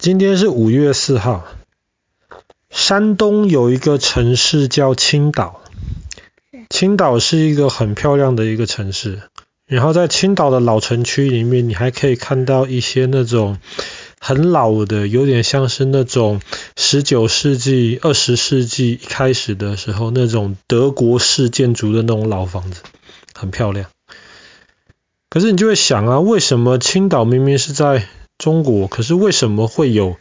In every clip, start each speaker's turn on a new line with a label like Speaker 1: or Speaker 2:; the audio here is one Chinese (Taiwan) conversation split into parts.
Speaker 1: 今天是五月四號。山東有一個城市叫青島，青島是一個很漂亮的一個城市。然後在青島的老城區裡面，你還可以看到一些那種很老的，有點像是那種十九世紀、二十世紀開始的時候那種德國式建築的那種老房子，很漂亮。可是你就會想啊，為什麼青島明明是在中國可是為什麼會有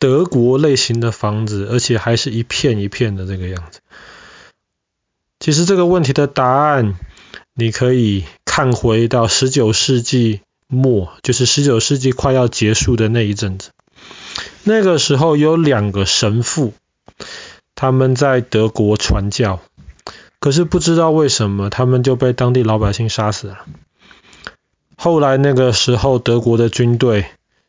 Speaker 1: 德國類型的房子，而且還是一片一片的這個樣子？其實這個問題的答案，你可以看回到十九世紀末，就是十九世紀快要結束的那一陣子。那個時候有兩個神父，他們在德國傳教，可是不知道為什麼，他們就被當地老百姓殺死了。後來那個時候，德國的軍隊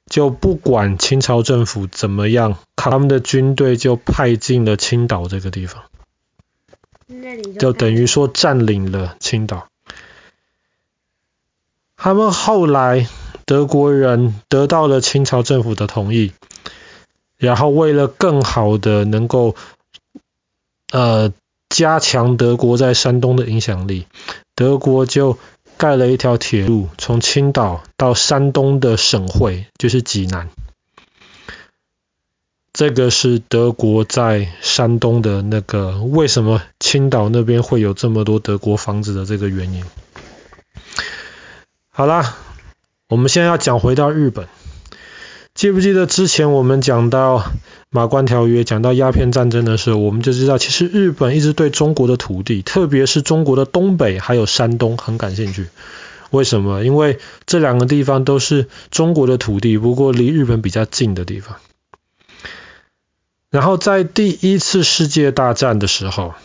Speaker 1: 就不管清朝政府怎麼樣，他們的軍隊就派進了青島這個地方，就等於說佔領了青島。他們後來德國人得到了清朝政府的同意，然後為了更好的能夠呃加強德國在山東的影響力，德國就。蓋了一條鐵路，從青島到山東的省會，就是濟南。這個是德國在山東的那個，為什麼青島那邊會有這麼多德國房子的這個原因。好啦，我們現在要講回到日本。記不記得之前我們講到《馬關條約》、講到鴉片戰爭的時候，我們就知道，其實日本一直對中國的土地，特別是中國的東北還有山東很感興趣。為什麼？因為這兩個地方都是中國的土地，不過離日本比較近的地方。然後在第一次世界大戰的時候，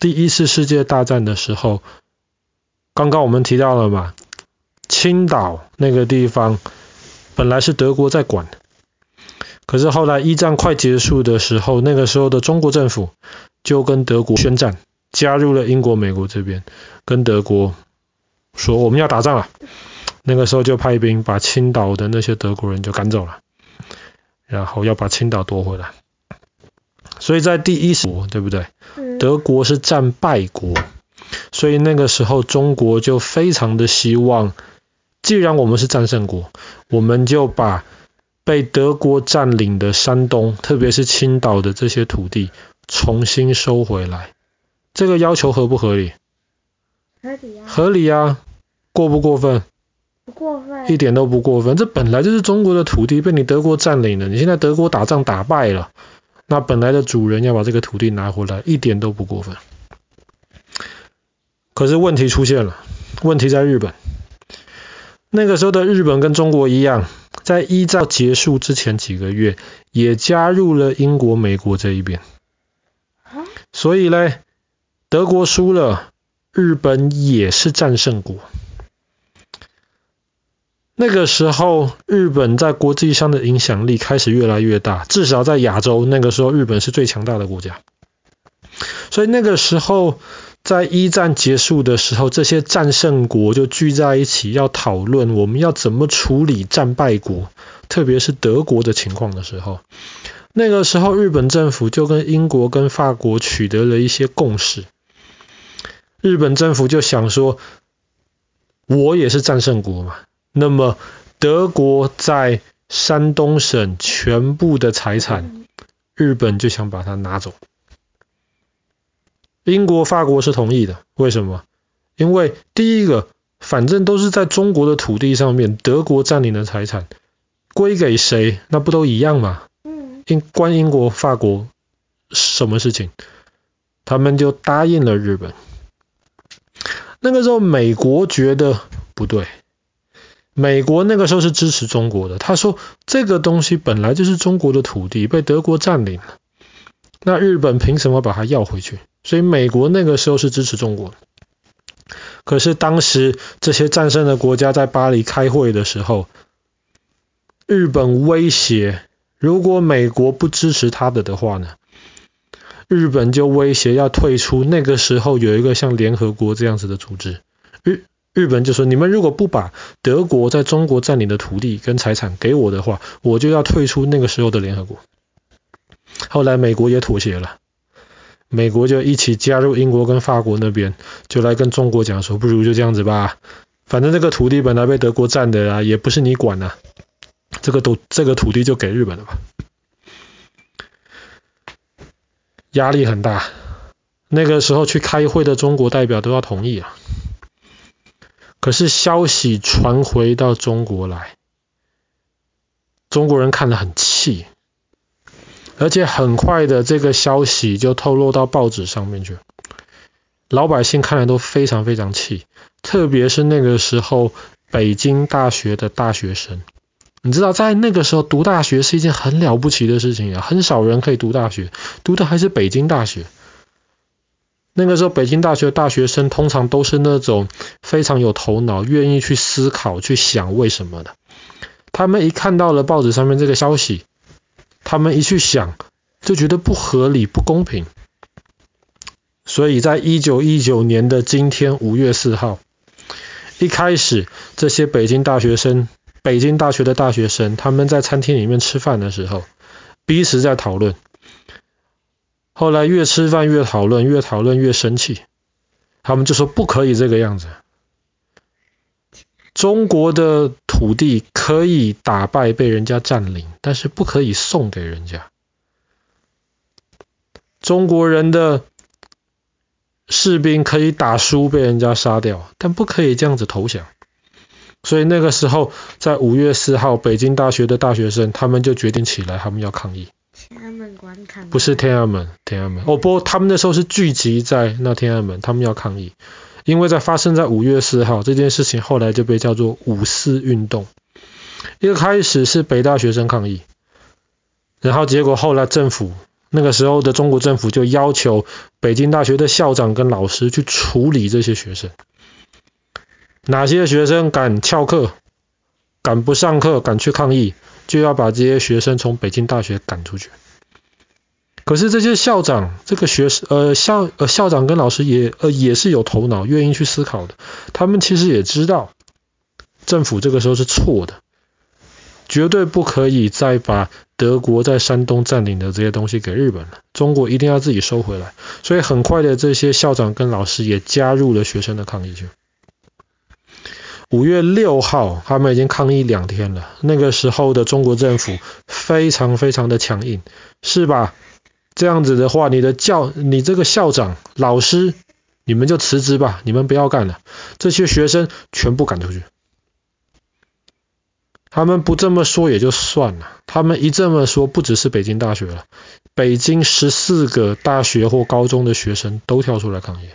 Speaker 1: 第一次世界大戰的時候，剛剛我們提到了嘛，青島那個地方。本來是德國在管，可是後來一戰快結束的時候，那個時候的中國政府就跟德國宣戰，加入了英國、美國這邊，跟德國說我們要打仗了。那個時候就派兵把青島的那些德國人就趕走了，然後要把青島奪回來。所以在第一時，對不對？德國是戰敗國，所以那個時候中國就非常的希望。既然我們是戰勝國，我們就把被德國佔領的山東，特別是青島的這些土地重新收回來。這個要求合不合理？合理呀。合理呀。過不過分？不過分。一點都不過分。這本來就是中國的土地，被你德國佔領了。你現在德國打仗打敗了，那本來的主人要把這個土地拿回來，一點都不過分。可是問題出現了，問題在日本。那個時候的日本跟中國一樣，在一戰結束之前幾個月，也加入了英國、美國這一邊。所以呢，德國輸了，日本也是戰勝國。那個時候，日本在國際上的影響力開始越來越大，至少在亞洲，那個時候日本是最強大的國家。所以那個時候。在一戰結束的時候，這些戰勝國就聚在一起要討論我們要怎麼處理戰敗國，特別是德國的情況的時候，那個時候日本政府就跟英國跟法國取得了一些共識。日本政府就想說，我也是戰勝國嘛，那麼德國在山東省全部的財產，日本就想把它拿走。英國、法國是同意的，為什麼？因為第一個，反正都是在中國的土地上面，德國佔領的財產歸給誰，那不都一樣嗎？嗯，關英國、法國什麼事情，他們就答應了日本。那個時候，美國覺得不對，美國那個時候是支持中國的。他說，這個東西本來就是中國的土地，被德國佔領了，那日本憑什麼把它要回去？所以美國那個時候是支持中國的，可是當時這些戰勝的國家在巴黎開會的時候，日本威脅，如果美國不支持他的的話呢，日本就威脅要退出。那個時候有一個像聯合國這樣子的組織，日日本就說，你們如果不把德國在中國占領的土地跟財產給我的話，我就要退出那個時候的聯合國。後來美國也妥協了。美國就一起加入英國跟法國那邊，就來跟中國講說，不如就這樣子吧，反正這個土地本來被德國占的啊，也不是你管的啊，這個都這個土地就給日本了吧。壓力很大，那個時候去開會的中國代表都要同意啊。可是消息傳回到中國來，中國人看得很氣。而且很快的，這個消息就透露到報紙上面去了。老百姓看來都非常非常氣，特別是那個時候北京大學的大學生。你知道，在那個時候讀大學是一件很了不起的事情啊，很少人可以讀大學，讀的還是北京大學。那個時候北京大學的大學生通常都是那種非常有頭腦、願意去思考、去想為什麼的。他們一看到了報紙上面這個消息。他們一去想，就覺得不合理、不公平。所以在一九一九年的今天，五月四號，一開始這些北京大學生、北京大學的大學生，他們在餐廳裡面吃飯的時候，彼此在討論。後來越吃飯越討論，越討論越生氣，他們就說不可以這個樣子，中國的。土地可以打敗被人家佔領，但是不可以送給人家。中國人的士兵可以打輸被人家殺掉，但不可以這樣子投降。所以那個時候，在五月四號，北京大學的大學生，他們就決定起來，他們要抗議。天安門觀看，不是天安門，天安門。哦、oh, 嗯，不，他們那時候是聚集在那天安門，他們要抗議。因為在發生在五月四號這件事情，後來就被叫做五四運動。一個開始是北大學生抗議，然後結果後來政府那個時候的中國政府就要求北京大學的校長跟老師去處理這些學生，哪些學生敢翹課、敢不上課、敢去抗議，就要把這些學生從北京大學趕出去。可是這些校長、這個學生、呃校、呃校長跟老師也，呃也是有頭腦、願意去思考的。他們其實也知道，政府這個時候是錯的，絕對不可以再把德國在山東佔領的這些東西給日本了。中國一定要自己收回來。所以很快的，這些校長跟老師也加入了學生的抗議去。五月六號，他們已經抗議兩天了。那個時候的中國政府非常非常的強硬，是吧？這樣子的話，你的教，你這個校長、老師，你們就辭職吧，你們不要幹了。這些學生全部趕出去。他們不這麼說也就算了，他們一這麼說，不只是北京大學了，北京十四個大學或高中的學生都跳出來抗議。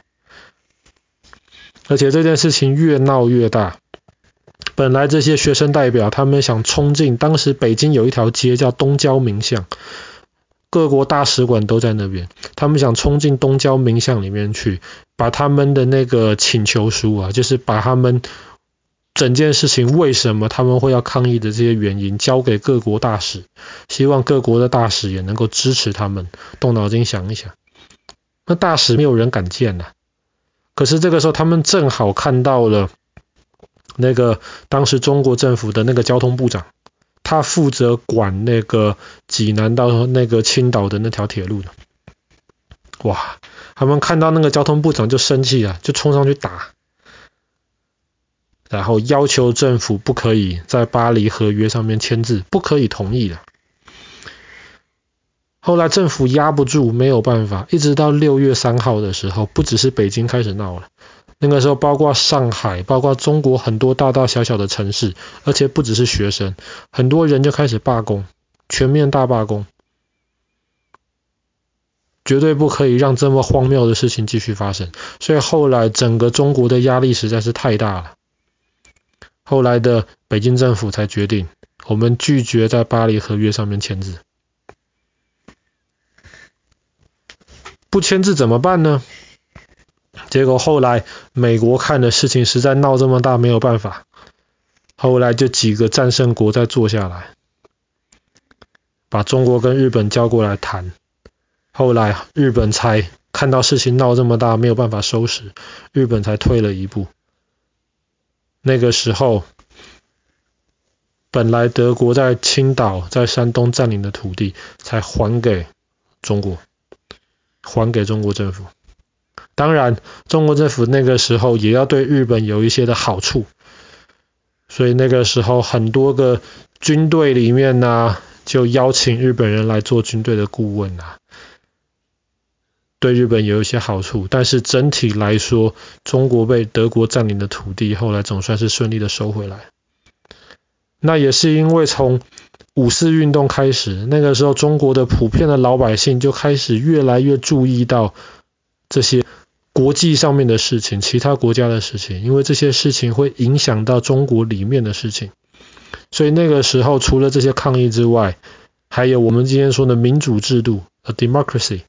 Speaker 1: 而且這件事情越鬧越大。本來這些學生代表他們想衝進，當時北京有一條街叫東交民巷。各國大使館都在那邊，他們想衝進東交民巷裡面去，把他們的那個請求書啊，就是把他們整件事情為什麼他們會要抗議的這些原因交給各國大使，希望各國的大使也能夠支持他們，動腦筋想一想。那大使沒有人敢見吶、啊，可是這個時候他們正好看到了那個當時中國政府的那個交通部長。他負責管那個濟南到那個青島的那條鐵路的，哇！他們看到那個交通部長就生氣了，就衝上去打，然後要求政府不可以在巴黎合約上面簽字，不可以同意了。後來政府壓不住，沒有辦法，一直到六月三號的時候，不只是北京開始鬧了。那個時候，包括上海，包括中國很多大大小小的城市，而且不只是學生，很多人就開始罷工，全面大罷工，絕對不可以讓這麼荒謬的事情繼續發生。所以後來整個中國的壓力實在是太大了，後來的北京政府才決定，我們拒絕在巴黎和約上面簽字。不簽字怎麼辦呢？結果後來，美國看的事情實在鬧這麼大，沒有辦法。後來就幾個戰勝國再坐下來，把中國跟日本叫過來談。後來日本才看到事情鬧這麼大，沒有辦法收拾，日本才退了一步。那個時候，本來德國在青島、在山東佔領的土地，才還給中國，還給中國政府。當然，中國政府那個時候也要對日本有一些的好處，所以那個時候很多個軍隊裡面呢、啊，就邀請日本人來做軍隊的顧問啊，對日本有一些好處。但是整體來說，中國被德國佔領的土地，後來總算是順利的收回來。那也是因為從五四運動開始，那個時候中國的普遍的老百姓就開始越來越注意到這些國際上面的事情，其他國家的事情，因為這些事情會影響到中國裡面的事情，所以那個時候除了這些抗議之外，還有我們今天說的民主制度、和、（democracy）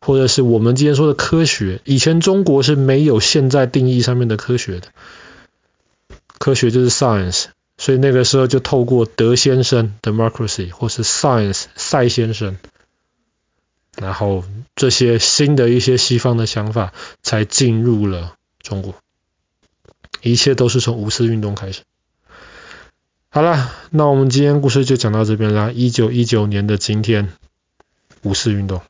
Speaker 1: 或者是我們今天說的科學。以前中國是沒有現在定義上面的科學的，科學就是 science，所以那個時候就透過德先生 （democracy） 或是 science 賽先生。然後這些新的一些西方的想法才進入了中國，一切都是從五四運動開始。好了，那我們今天故事就講到這邊啦。一九一九年的今天，五四運動。